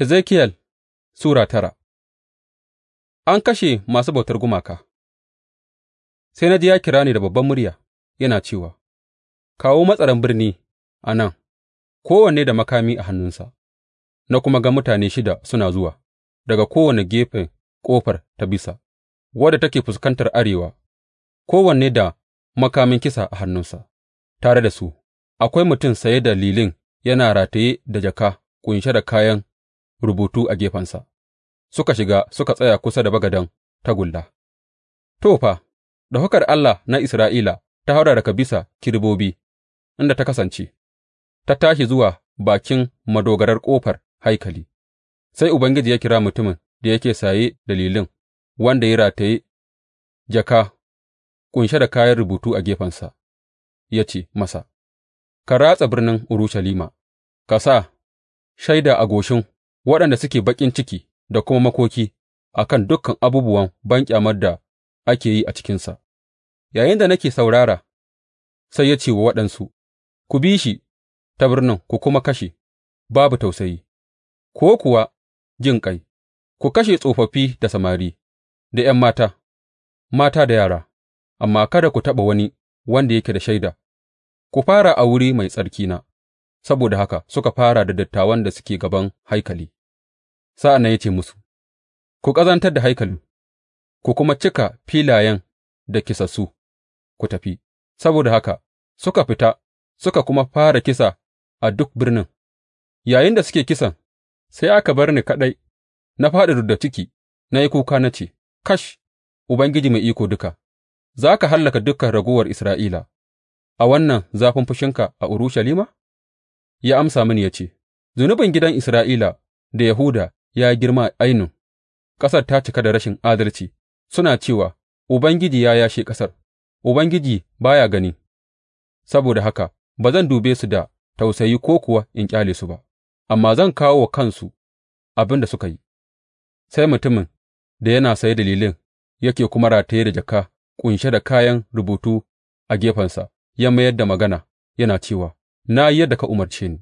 Ezekiyel Sura tara An kashe masu bautar gumaka Sai na ji ya kira ni da babban murya, yana cewa, Kawo matsaran birni a nan, kowanne da makami a hannunsa, na kuma ga mutane shida suna zuwa daga kowane gefen ƙofar ta bisa, wadda take fuskantar arewa, kowanne da makamin kisa a hannunsa, tare da su, akwai mutum saye da lilin yana rataye da jaka ƙunshe da kayan rubutu a gefensa, suka shiga suka tsaya kusa da bagaden tagulla. To, fa, Allah na Isra'ila ta haura daga bisa kirbobi, inda ta kasance, ta tashi zuwa bakin madogarar ƙofar haikali, sai Ubangiji ya kira mutumin da yake saye da lilin, wanda ya rataye jaka ƙunshe da kayan rubutu a gefensa, ya ce masa, Ka ratsa birnin Urushalima, ka sa shaida a goshin waɗanda suke baƙin ciki da kuma makoki a kan dukan abubuwan banƙyamar da ake yi a cikinsa, yayinda nake saurara, sai ya ce wa waɗansu, Ku bi shi ta birnin ku kuma kashe, babu tausayi, ko kuwa jin ƙai, ku kashe tsofaffi da samari, da ’yan mata, mata da yara, amma kada ku taɓa wani wanda yake da shaida, ku fara a wuri mai tsarkina. Saboda haka suka fara da dattawan da suke gaban haikali, sa'an nan ya ce musu, Ku ƙazantar da haikalin, ku kuma cika filayen da kisassu, ku tafi, saboda haka suka fita suka kuma fara kisa a duk birnin, Yayin da suke kisan, sai aka bar ni kaɗai, na faɗi da ciki, na yi kuka na ce, Kash, Ubangiji Mai Iko Duka, za ka hallaka dukan raguwar Isra'ila a wannan zafin fushinka a Urushalima? ya amsa mini ya ce, Zunubin gidan Isra'ila da Yahuda ya girma ainun, ƙasar ta cika da rashin adalci, suna cewa, Ubangiji ya yashe ƙasar, Ubangiji ba ya gani, saboda haka ba zan dube su da tausayi ko kuwa in ƙyale su ba, amma zan kawo wa kansu abin da suka yi, sai mutumin da yana saye da lilin yake kuma rataye da jaka ƙunshe da kayan rubutu a gefensa, ya mayar da magana, yana cewa, na yi yadda ka umarce ni.